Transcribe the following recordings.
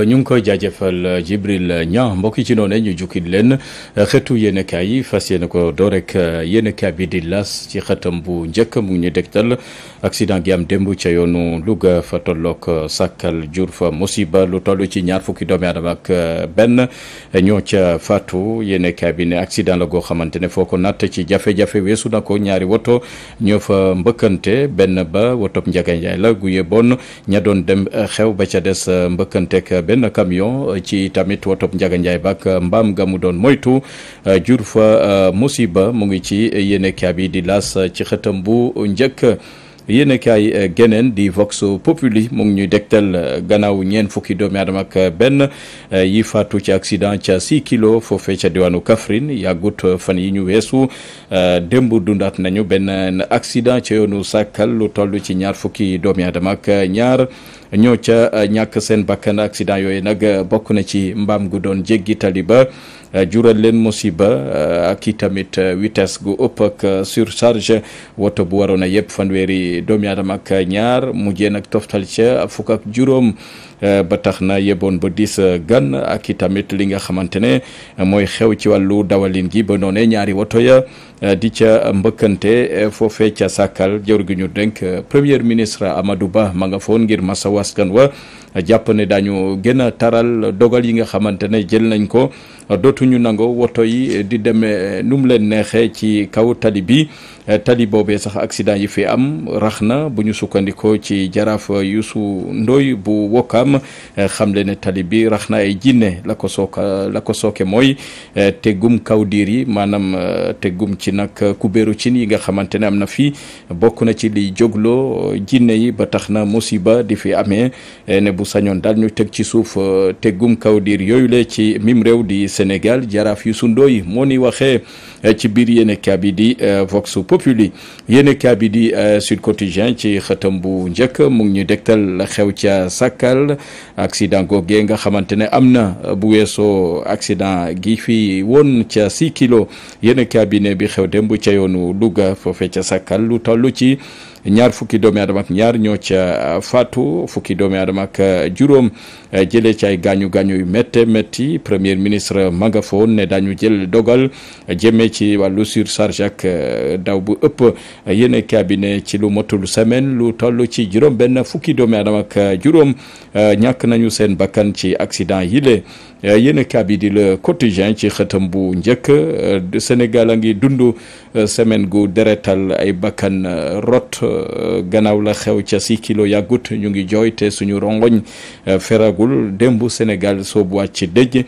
ñu ngi koy jaajëfal euh, Djibril Niang mbokk yi ci noonu ñu jukkil leen euh, xeetu yéenekaay yi fas yéene ko doo rek euh, bi di las ci xetam bu njëkk mu ngi ñu dégtal accident gi am démb ca yoonu Louga fa tolloog sàkkal jur fa musiba lu toll ci ñaar fukki doomi aadama ak benn ñoo ca faatu yéenekaay bi ne accident la goo xamante ne foo ko natt ci jafe-jafe weesu na ko ñaari woto ñoo fa mbëkkante benn ba woto njaganjaay la gu yeboon ña doon dem xew ba ca des mbëkkanteek benn camion euh, ci tamit wotob Njaga Njaay bak euh, mbaam ga mu doon moytu euh, jur fa musiba mu ngi ci yéene yi di las ci xëtam bu njëkk yéen kaay eh, geneen di Vox Populi mu ngi ñuy dégtal eh, gannaaw ñeen fukki doomi aadama ak eh, benn yi faatu ci accident ca 6 kilo foofee ca diwaanu Kaffrine yàggut fan yi ñu weesu démb dundaat nañu benn accident ca yoonu sàkkal lu toll ci ñaar fukki doomi aadama ak ñaar ñoo ca ñàkk seen bakkan accident yooyu nag bokk na ci mbaam gu doon jéggi tali ba Euh, jural leen musiba euh, ak i tamit euh, vitesse gu ëpp ak surcharge woto bu waroon a yëpp fanweeri doomi aadama ak ñaar mujjee nag toftal ca fukk ak juróom. Eh, ba tax na yeboon ba diis eh, gan ak i tamit li nga xamante ne eh, mooy xew ci wàllu dawalin gi ba noone ñaari woto ya di ca mbëkkante foofee ca sàkkal jawr gi ñu dénk premier ministre amadu Ba ma nga foon ngir masawu askan wa jàpp ne daañu gën a taral dogal yi nga xamante ne jël nañ ko dootuñu nango woto yi di demee nu mu leen neexee ci kaw tali bi Eh, tali boobee sax accident yi fi am rax na bu ñu sukkandikoo ci jaraaf Yuusu Ndoy bu wokk wokkaam eh, xamle ne tali bi rax na ay jinne la ko sooka la ko sooke mooy eh, tegum kawdiir yi maanaam tegum ci nag kubéeru cin yi nga xamante ne am na fii bokk na ci liy jógloo jinne yi ba tax na musiba di fi amee ne bu sañoon daal ñu teg ci suuf tegum kawdiir yooyu le ci mim réew di Sénégal jaraaf Yuusu Ndoy moo ni waxee ci biir yéene yi di Vox populi yéene kaa bi di euh, Sud Quotidien ci xëtam bu njëkk mu ñu dégtal la xew ca Sakal accident googee nga xamante ne am na bu weesoo accident gi fi woon ca 6 kilos yéene cabinet bi xew démb ca yoonu Louga foofe ca Sakal lu toll ci ñaar fukki doomi aadama ak ñaar ñoo ca uh, faatu fukki doomi aadama ak uh, juróom uh, jële ci ay gaañu gaañu yu métte métti premier ministre magafoon ne daañu jël dogal jëmme ci wàllu surcharge ak daw bu ëpp yéen cabinet ci lu motul semaine lu toll ci juróom benn fukki doomi aadama ak juróom ñàkk nañu seen bakkan ci accident yile Euh, yéen a bi di le quotidien ci xëtam bu njëkk euh, Sénégal a ngi dund euh, semaine gu deretal ay bakkan rot gannaaw la xew ca si kilo yàggut ñu ngi jooy te suñu rongoñ feragul démb Sénégal soobu ci dëj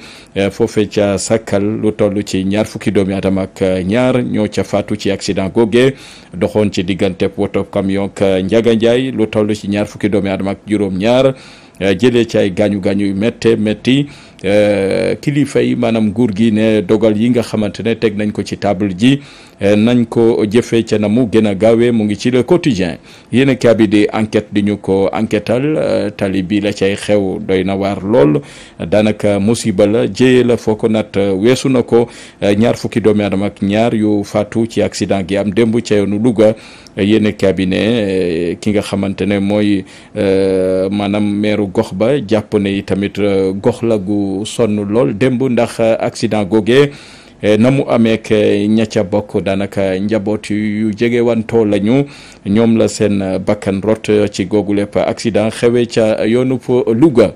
foofe ca sàkkal lu toll ci ñaar fukki doomi adama ak ñaar ñoo ca faatu ci accident googee doxoon ci diggante woto camion ak Njaga lu toll ci ñaar fukki doomi adama ak juróom ñaar jëlee ci ay gaañu gaañu yu métte métti Euh, kilifa yi maanaam nguur gi ne dogal yi nga xamante ne teg nañ ko ci table ji euh, nañ ko jëfee ca na mu gën a gaawee mu ngi ci le quotidien yéen a kaabi di enquête di ñu ko enquêtal euh, tali bi la cay xew doy na waar lool daanaka musiba la jéye la foo ko nat weesu na ko ñaar fukki doomi aadama ak ñaar yu faatu ci accident gi am démb ca yoonu Louga yéen cabinet eh, ki nga xamante ne mooy eh, maanaam meeru gox ba jàpp ne tamit eh, gox la gu sonn lool demb ndax accident googee na mu ameek ña ca bokk daanaka njaboot yu jegewantoo wantoo lañu ñoom la seen bakkan rot ci googu lépp accident xewee ca yoonu Louga.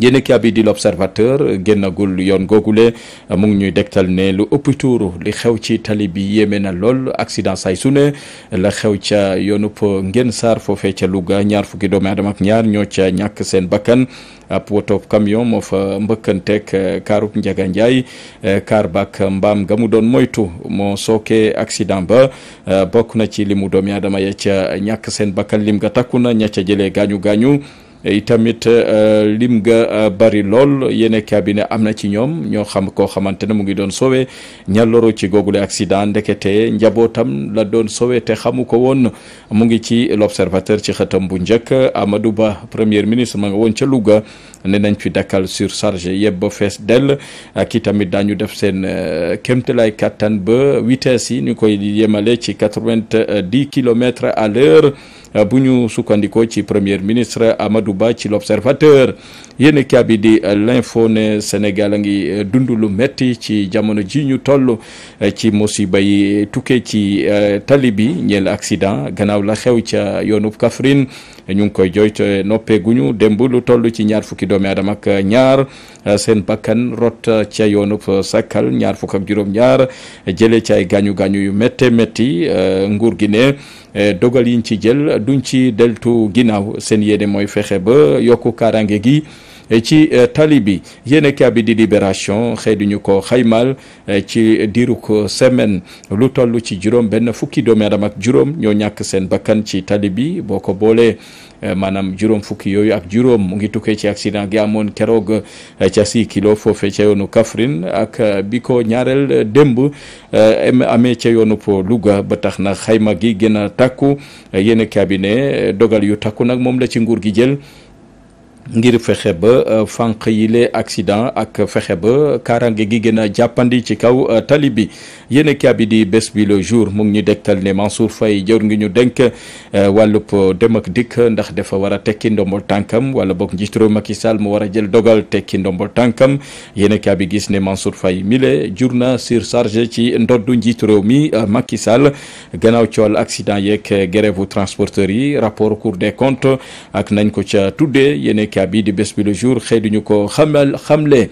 yéen ki bi di l'observateur génnagul yoon googule mu ngi ñuy dégtal ne lu ëpp tuuru li xew ci tali bi yéeme na lool accident say su ne la xew ca yoonub Ngén saar foofee ca Louga ñaar fukki doomi aadama ak ñaar ñoo ca ñàkk seen bakkan ab woto camion moo fa mbëkkanteeg eh, kaarub Njaga Njaay eh, kaar bak mbaam nga mu doon moytu moo sookee accident ba eh, bokk na ci limu doom yaadama ya ca ñàkk seen bakkan lim nga takku na ña ca jëlee gaañu gaañu. itamit euh, lim ga euh, bari lool yene cabinet am na ci ñoom ñoo xam koo xamante ne mu ngi doon sowee ñàlloro ci googule accident ndekete njabootam la doon sowee te xamu ko woon mu ngi ci l'observateur ci xëtam bu njëkk Amadou Ba premier ministre ma nga woon ca Louga ne nañ fi dakkal surchargé yëpp ba fees dell ak i tamit daañu def seen euh, kéemtalaay kattan ba vitesse yi ñu koy yemale ci quatre-vingt-dix kilomètres à l'heure euh, bu ñu sukkandikoo ci premier ministre Amadou Ba ci l'observateur yéen kaa bi di l'info ne Sénégal a ngi euh, dund lu metti ci jamono ji ñu toll ci musiba yi tukkee ci tali bi ñeel accident gannaaw la xew ca yoonub Kaffrine ñu ngi koy jooy te noppeeguñu démb lu toll ci ñaar fukki doomi aadama ak ñaar eh, seen bakkan rot eh, ca yoonub sakkal ñaar fukk ak juróom-ñaar eh, jëlee ci ay gaañu gaañu yu méttee métti nguur gi ne. dogal yiñ ci jël duñ ci deltu ginnaaw seen yéene mooy fexe ba yokk kaaraange gi Eh, ci eh, tali bi yéenekaay bi di libération xëy duñu ko xaymal eh, ci diiruk semaine lu toll ci juróom benn fukki doomi aadama ak juróom ñoo ñàkk seen bakkan ci tali bi boo ko boolee maanaam juróom fukki yooyu ak juróom mu ngi tukkee ci accident gi amoon keroog ca six kilo foofe ca yoonu Kaffrine ak bi ko ñaareel démb amee ca yoonu po Louga ba tax na xayma gi gën a takku yéen ne dogal yu takku nag moom la ci nguur gi jël ngir fexe ba euh, fànq yile accident ak fexe ba kaaraange gi gën a jàppandi ci kaw euh, tali bi yéen a bi di bés bi jour mu ngi ñu dégtal ne Mansour fay jor ngi ñu dénk euh, wàllub dem ak dikk ndax dafa war a tekki ndombol tànkam wala boog njiitu réew Macky Sall mu war a jël dogal tekki ndombol tànkam yéen a bi gis ne Mansour fay mile jur na surcharge ci ndoddu njiitu réew mi euh, Macky Sall gannaaw cool accident yeeg euh, grève transporteurs yi rapport Cour des comptes ak nañ ko ca tuddee yéen a bi di bés bi le jour duñu ko xamal xamle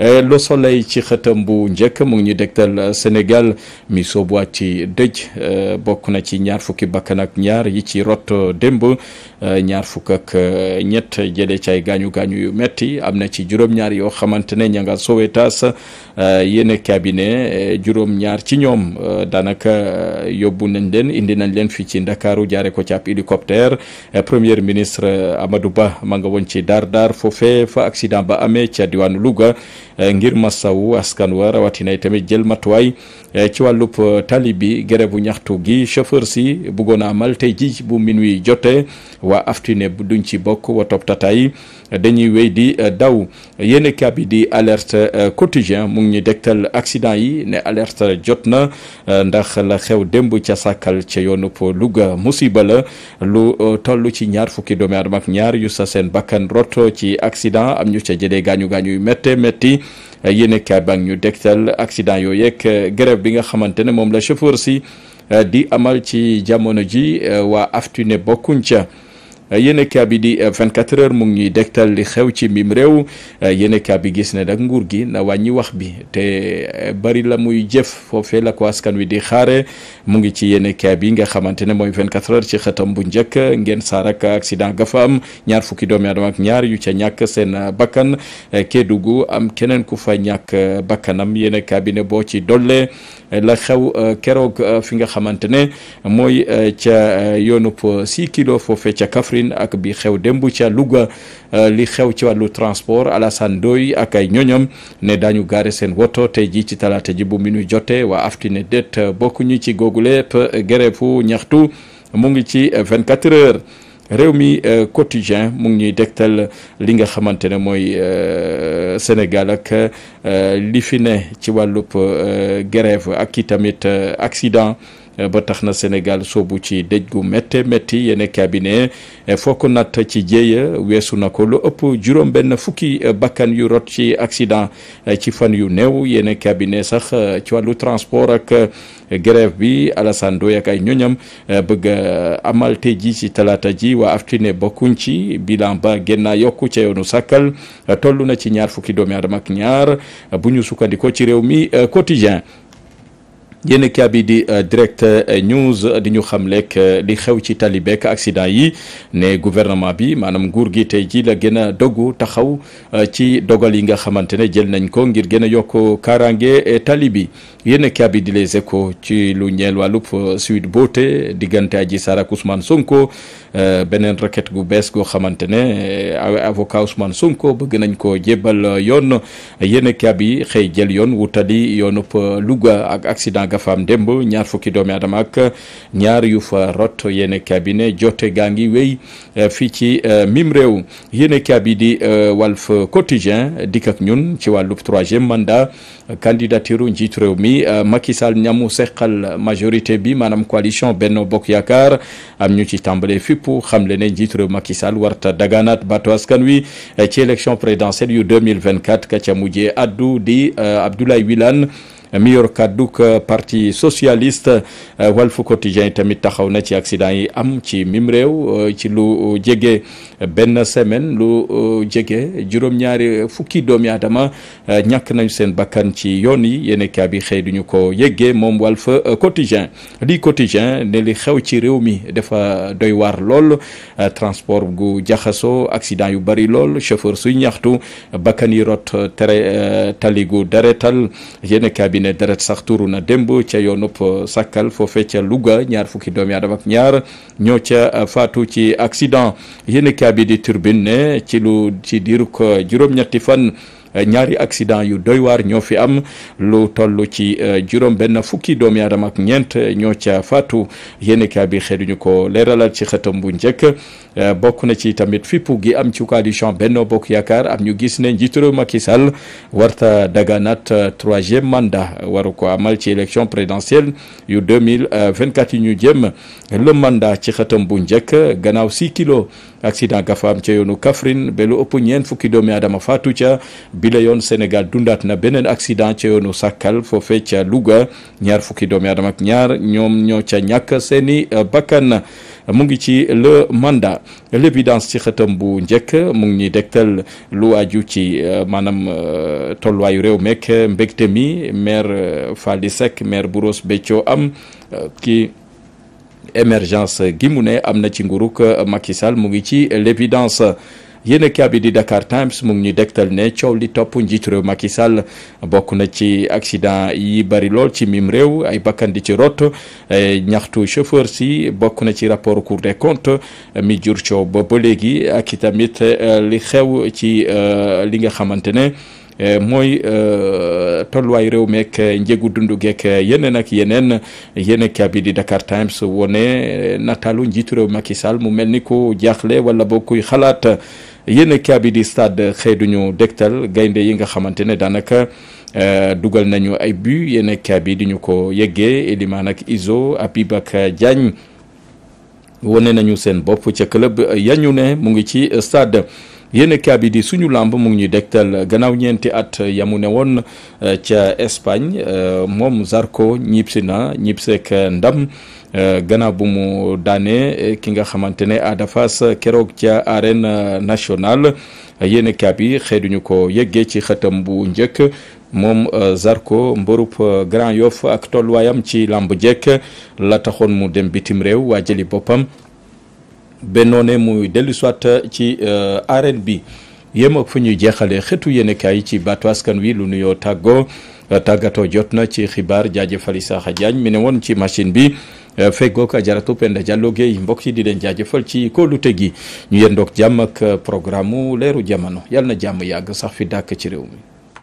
Eh, le soleil ci xëtam bu njëkk mu ngi ñu dégtal eh, Sénégal mi soobuwaat ci dëj eh, bokk na ci ñaar fukki bakkan ak ñaar yi ci rot démb ñaar fukk ak ñett jëlee ci ay gaañu gaañu yu metti am na ci juróom-ñaar yoo xamante ne ña nga Sowétas yéen cabinet juróom-ñaar ci ñoom daanaka yóbbu nañ leen indi nañ leen fii ci Ndakaaru jaare ko ci ab hélicoptère premier ministre Amadou Ba ma nga woon ci daar daar foofee fa accident ba amee ca diwaanu Louga. Eh, ngir masawu askan wa rawatina tamit jël matuwaay eh, ci wàllub eh, tali bi bu ñaxtu gi chauffeur si bëggoon a amal tey ji bu minuit jotee waa aftine duñ ci bokk watop tataay dañuy wéy di daw yéen kab di alerte quotidien mu ñu dégtal accident yi ne alerte jot na ndax la xew démb ca sàkkal ca yoonu yoonub Louga musiba la lu toll ci ñaar fukki doomi aadama ak ñaar yu sa seen bakkan roto ci accident am ñu ca jëlee gaañu gaañu yu métte métti yéen kaay baa ngi ñu dégtal accident yooyu yeeg grève bi nga xamante ne moom la chauffeur si di amal ci jamono ji waa aftu ne bokkuñ ca Eh, yéen kaa bi di 24 eh, heures mu ngi ñuy dégtal li xew ci miim réew eh, yéen kaa bi gis ne nag nguur gi na wàññi wax bi te bari la muy jëf foofee la ko askan wi di xaare mu ngi ci yéen kaa bi nga xamante ne mooy 24 heures ci xëtam bu njëkk ngeen saarak accident ga fa am ñaar fukki doomi aadama ak ñaar yu ca ñàkk seen bakkan kedugu am keneen ku fa ñàkk bakkanam yéen bi ne boo ci dolle la xew keroog fi nga xamante ne mooy ca yoonub 6 kilo foofee ca Kaffrine ak bi xew dem bu ca Louga euh, li xew ci wàllu transport Alassane Ndoye ak ay ñoñam ne daañu gaare seen woto tey ji ci talaata ji bu minuy jotee waa AFTU ne euh, bokkuñu ci googu lépp euh, gereefu ñaxtu mu ngi ci 24 heures. réew mi quotidien mu ngi ñuy dégtal li nga xamante ne mooy Sénégal ak li fi ne ci wàllub grève ak i tamit accident ba tax na Sénégal soobu ci déj gu métte métti yene cabinet eh, foo ko natt ci jéeya weesu na ko lu ëpp juróom benn fukki eh, bakkan yu rot ci accident eh, ci fan yu néew yene cabinet sax ci wàllu transport ak grève bi Alassane Ndoye ak ay ñoñam bëgg amal tey ji ci talaata ji waa aftine bokkuñ ci bilan ba génnaa yokk ca yoonu sàkkal toll na ci ñaar fukki doomi aadama ak ñaar bu ñu sukkandikoo ci réew mi quotidien yéen kaa yi di euh, direct euh, news euh, di ñu xam lekk li xew ci talibeek accident yi ne gouvernement bi maanaam nguur gi tey ji la gën a dogu taxaw ci dogal yi nga xamante ne jël nañ ko ngir gën a yokk kaaraange tali bi yéen kaa yi di les échos ci lu ñeel wàllub Sweet Beauté diggante Adji Sarr ak Ousmane Sonko beneen requête gu bees goo xamante ne avocat Ousmane Sonko bëgg nañ ko jébbal yoon yéen kaa bi xëy jël yoon wutali yoonu Louga ak accident ga faam démb ñaar fukki doomi aadama ak ñaar yu fa rot yéen cabinet jote gaa ngi wéy eh, fii ci eh, mim réew yéen cabinet di eh, Walf Quotidien dikk ak ñun ci wàllu troisième mandat candidature njiitu réew mi Macky Sall ñamu seqal majorité bi maanaam coalition benn Bokk Yaakaar am ñu ci tàmbalee fippu xam le ne njiitu réew Macky Sall warta daganaat bato askan wi ci élection présidentielle yu 2024 ka ca mujjee addu di Abdoulaye Wilane Eh, mi yor kàdduk parti socialiste eh, Walf Quotidien tamit taxaw na ci accident yi am ci mim réew eh, ci lu jege benn semaine lu jege juróom-ñaari fukki doomi aadama ñàkk nañu seen bakkan ci yoon yi yéen kaa bi xëy duñu ko yeggee moom Walf Quotidien li Quotidien ne li xew ci réew mi dafa doy waar lool transport gu jaxasoo accident yu bari lool chauffeur suy ñaxtu bakkan yi rot tere taligu daretal yéen kaa bi ne deret sax tuuru na démb ca yoonub euh, Sakal foofe ca Louga ñaar fukki doomi aadama ñaar ñoo ca euh, faatu ci accident yéen a di turbine ne ci lu ci diirug euh, juróom-ñetti fan. ñaari accident yu doy waar ñoo fi am lu toll ci euh, juróom benn fukki doom aadama ak ñeent euh, ñoo ca faatu yéeni kaa bi xeeduñu ko leeralal ci xëtam bu njëkk euh, bokk na ci tamit fippu gi am ci coalition benn Bokk Yaakaar am ñu gis ne njiitu réew Macky Sall warta daganat troisième mandat war ko amal ci élection présidentielle yu 2024 yi ñu jëm le mandat ci xëtam bu njëkk gannaaw 6 kilo accident ga fa am ca yoonu Kaffrine ba lu ëpp ñeent fukki doomi aadama faatu ca bile yoon Sénégal dundaat na beneen accident ca yoonu Sakal foofee ca Louga ñaar fukki doomi aadama ak ñaar ñoom ñoo ca ñàkk seeni euh, bakkan na mu ngi ci le mandat l'évidence ci xëtam bu njëkk mu ngi ñuy dégtal lu aju ci euh, maanaam euh, tolluwaayu réew meek mbégte mi maire Fally Seck maire bu Ross Béthio am ki émergence gi mu ne am na ci nguruk euh, Macky Sall mu ngi ci l'évidence yéen a bi di Dakar Times mu ngi ñu dégtal ne coow li topp njiitu réew Macky Sall bokk na ci accident yi bari lool ci mim réew ay bakkan di ci rot e, ñaxtu chauffeur si bokk na ci rapport Cour des comptes mi jur coow ba ba léegi ak i tamit euh, li xew ci euh, li nga xamante ne. Eh, mooy eh, tolluwaay réew meek njëgu dundu geek yeneen ak yeneen yéen kaabi di Dakar Times wone nataalu njiitu réew Macky Sall mu mel ni ko jaaxle wala boo kuy xalaat yéen kaabi di stade xëy duñu dégtal gaynde yi nga xamante ne daanaka Uh, dugal nañu ay bu yenn kaabi di ñu ko yeggee Eliman ak iso Habib ak Diagne wone nañu seen bopp ca club yañu ne mu ngi ci stade yéen kaabi di suñu làmb mu ngi ñuy dégtal gannaaw ñeenti at yamu ne woon euh, ca Espagne euh, moom Zarco ñibbisi na ñibbiseek ndam euh, gannaaw bu mu daane ki nga xamante ne Ada keroog ca arène nationale yéen kaabi xeeduñu ko yëggee ci xëtam bu njëkk moom Zarco mborub Grand Yoff ak tolluwaayam ci làmb jekk la taxoon mu dem bitim réew waa jëli boppam bennoo ne muy dellu soit ci euh, arène bi yem ak fu ñuy jeexalee xetu yéenekaay yi ci baatu askan wi lu nuyoo tàggoo euh, tàggatoo jot na ci xibaar jaajëfal Isaaxa Diagne mi ne woon ci machine bi euh, feggoog Ajaratu Penda Diallo yi mbokk yi di leen jaajëfal ci kóolute gi ñu yendoog jàmm ak programme leeru jamono yàlla na jàmm yàgg sax fi dàkk ci réew mi.